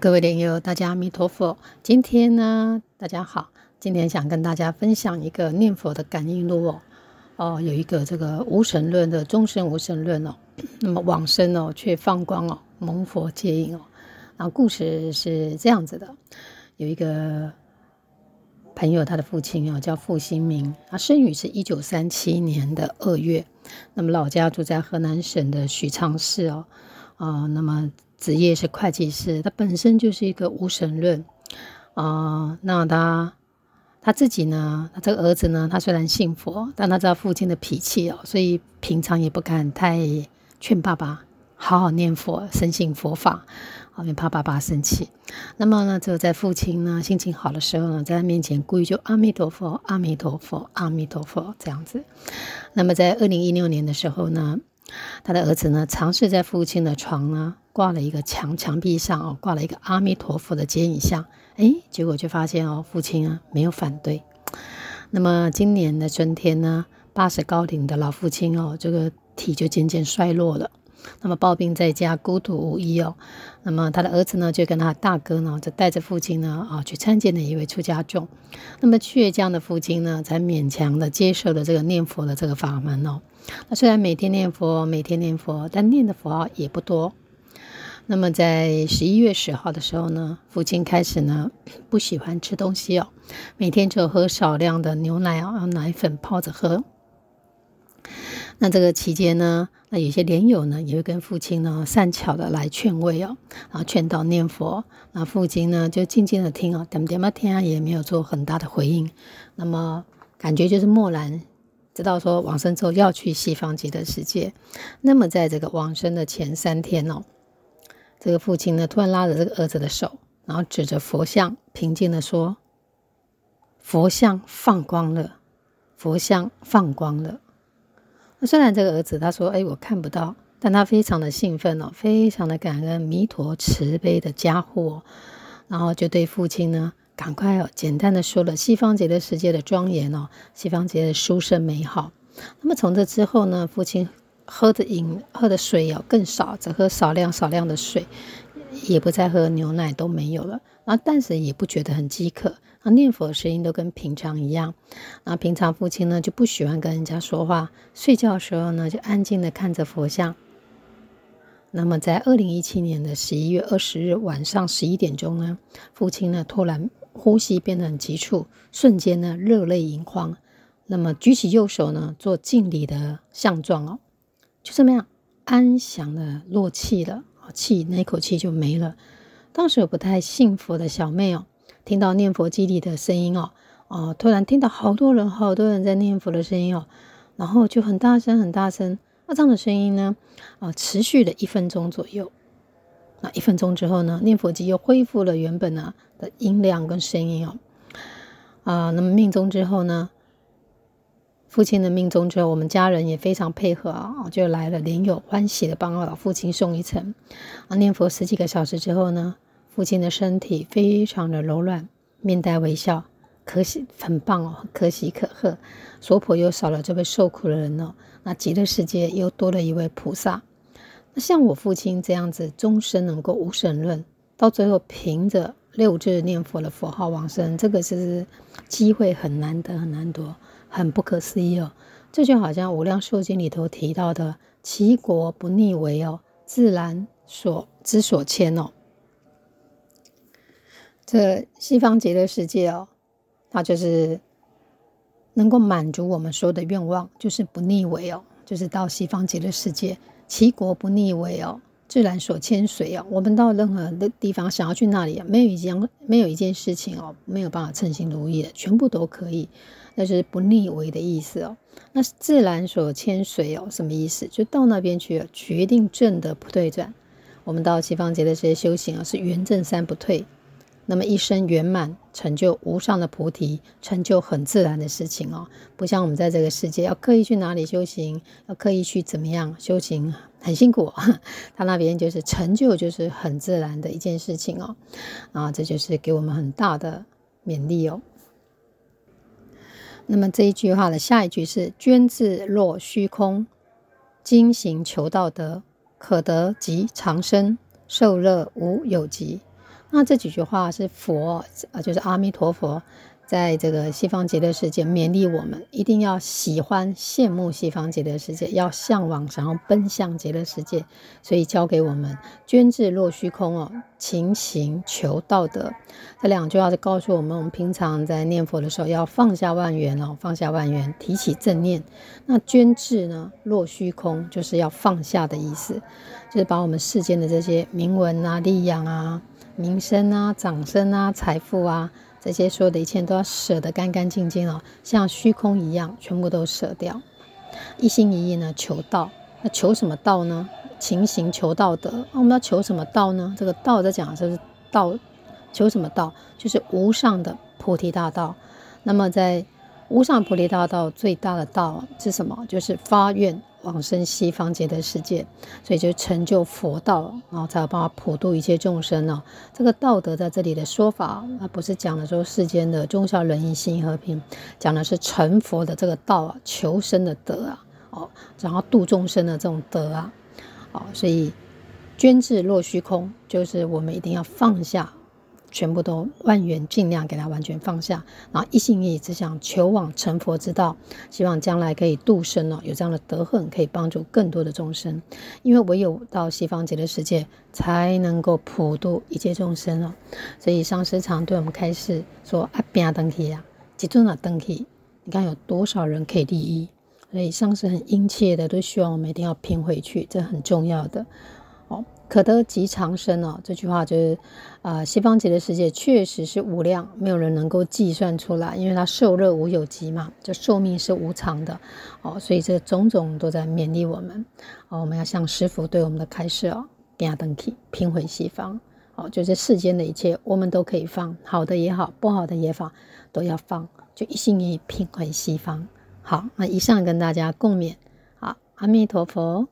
各位蓮友，大家阿彌陀佛。今天呢，大家好。今天想跟大家分享一個念佛的感應錄哦。哦，有一個這個無神論的終身無神論哦，那麼往生哦卻放光哦蒙佛接引哦、啊。故事是這樣子的，有一個朋友，他的父親哦叫傅新明。他生於是一九三七年的二月，那麼老家住在河南省的許昌市哦、呃，那麼。職業是會計師，他本身就是一個無神論啊、呃。那他他自己呢，他這個兒子呢，他雖然信佛，但他知道父親的脾氣哦，所以平常也不敢太勸爸爸好好念佛，深信佛法，也怕爸爸生氣。那麼呢，只有在父親呢心情好的時候呢，在他面前故意就阿彌陀佛、阿彌陀佛、阿彌陀佛這樣子。那麼在二零一六年的時候呢，他的兒子呢，嘗試在父親的床呢掛了一個牆牆壁上哦，掛了一個阿彌陀佛的接引像，誒，結果卻發現哦，父親啊沒有反對。那麼今年的春天呢，八十高齡的老父親哦，這個體就漸漸衰落了。那麼抱病在家孤獨無依哦，那麼他的兒子呢，就跟他大哥呢，就帶着父親呢，啊，去參見了一位出家眾。那麼倔強的父親呢，才勉強的接受了這個念佛的這個法門哦。那雖然每天念佛，每天念佛，但念的佛號也不多。那麼在十一月十號的時候呢，父親開始呢不喜歡吃東西哦，每天就喝少量的牛奶啊，奶粉泡着喝。那這個期間呢，那有些蓮友呢也會跟父親呢善巧的來勸慰哦，然後勸導念佛、哦。那父親呢就靜靜的聽哦，點點麼、啊、聽也沒有做很大的回應。那麼感覺就是默然，知道說往生之後要去西方極樂世界。那麼在這個往生的前三天哦，這個父親呢突然拉着這個兒子的手，然後指着佛像，平靜的說：“佛像放光了，佛像放光了。”那雖然這個兒子他說，哎，我看不到，但他非常的興奮哦，非常的感恩彌陀慈悲的加護，然後就對父親呢，趕快哦，簡單的說了西方極樂世界的莊嚴哦，西方極樂的殊勝美好。那麼從這之後呢，父親喝的飲喝的水要更少，只喝少量少量的水。也不再喝牛奶，都沒有了。啊，但是也不覺得很飢渴。啊，念佛的聲音都跟平常一樣。啊，平常父親呢就不喜歡跟人家說話，睡覺的時候呢就安靜的看着佛像。那麼在二零一七年的十一月二十日晚上十一點鐘呢，父親呢突然呼吸變得很急促，瞬間呢熱淚盈眶。那麼舉起右手呢做敬禮的相狀哦，就這麼樣安詳的落氣了。氣，那一口氣就沒了。當時有不太信佛的小妹哦，聽到念佛機裡的聲音哦，哦、呃，突然聽到好多人好多人在念佛的聲音哦，然後就很大聲很大聲。那這樣的聲音呢，啊、呃，持續了一分鐘左右。那一分鐘之後呢，念佛機又恢復了原本呢的音量跟聲音哦。啊、呃，那麼命終之後呢？父親的命中之後，我們家人也非常配合啊，就來了，連友歡喜的幫老父親送一程。念佛十幾個小時之後呢，父親的身體非常的柔軟，面帶微笑，可喜，很棒哦，可喜可賀。娑婆又少了這位受苦的人哦，那極樂世界又多了一位菩薩。那像我父親這樣子，終生能夠無神論，到最後憑着六字念佛的佛號往生，這個是機會很難得，很難得。很不可思議哦，這就好像《無量壽經》裡頭提到的“其國不逆違”哦，自然所之所牽哦。這西方極樂世界哦，它就是能夠滿足我們所有的願望，就是不逆違哦，就是到西方極樂世界，其國不逆違哦。自然所牽隨哦，我們到任何的地方想要去那裡，沒有一樣，沒有一件事情哦，沒有辦法稱心如意的，全部都可以。那是不逆違的意思哦。那自然所牽隨哦，什麼意思？就到那邊去，決定證得不退轉。我們到西方極樂世界修行啊，是圓證三不退，那麼一生圓滿成就無上的菩提，成就很自然的事情哦。不像我們在這個世界要刻意去哪裡修行，要刻意去怎麼樣修行。很辛苦，哦，他那邊就是成就，就是很自然的一件事情哦，這就是給我們很大的勉勵哦。那麼這一句話的下一句是：捐志若虛空，精行求道德，可得極長生，壽樂無有極。那這幾句話是佛，就是阿彌陀佛。在這個西方極樂世界勉勵我們，一定要喜歡、羨慕西方極樂世界，要向往，想要奔向極樂世界。所以教給我們“捐志若虛空”哦，“勤行求道德”這兩句話就告訴我們，我們平常在念佛的時候要放下萬緣哦，放下萬緣，提起正念。那捐呢，“捐志呢若虛空”就是要放下的意思，就是把我們世間的這些名聞啊、利養啊、名聲啊、掌聲啊、財富啊。這些所有的一切都要捨得乾乾淨淨了，像虛空一樣，全部都捨掉，一心一意呢求道。那求什麼道呢？勤行求道德，哦。我們要求什麼道呢？這個道在講的就是道，求什麼道就是無上的菩提大道。那麼在無上菩提大道最大的道是什麼？就是發願。往生西方極樂世界，所以就成就佛道，然後才有辦法普度一切眾生。這個道德在這裡的說法，不是講的說世間的忠孝仁愛信義和平，講的是成佛的這個道啊，求生的德啊，哦，然後度眾生的這種德啊，哦，所以捐志若虛空，就是我們一定要放下。全部都萬緣，儘量給他完全放下，然後一心一意只想求往成佛之道，希望將來可以度生了，有這樣的德行可以幫助更多的眾生，因為唯有到西方極樂世界才能夠普度一切眾生了。所以上師常對我們開示說：「阿邊登提呀，即陣的登提，你看有多少人可以利益？」所以上師很殷切的，都希望我們一定要拼回去，這很重要的。哦，可得極長生哦，這句話就是，呃，西方極樂世界確實是無量，沒有人能夠計算出來，因為它壽樂無有極嘛，就壽命是無常的哦，所以這種種都在勉勵我們哦，我們要向師父對我們的開示哦，加登起拼回西方哦，就這、是、世間的一切我們都可以放，好的也好，不好的也放，都要放，就一心一意拼回西方。好，那以上跟大家共勉，好，阿彌陀佛。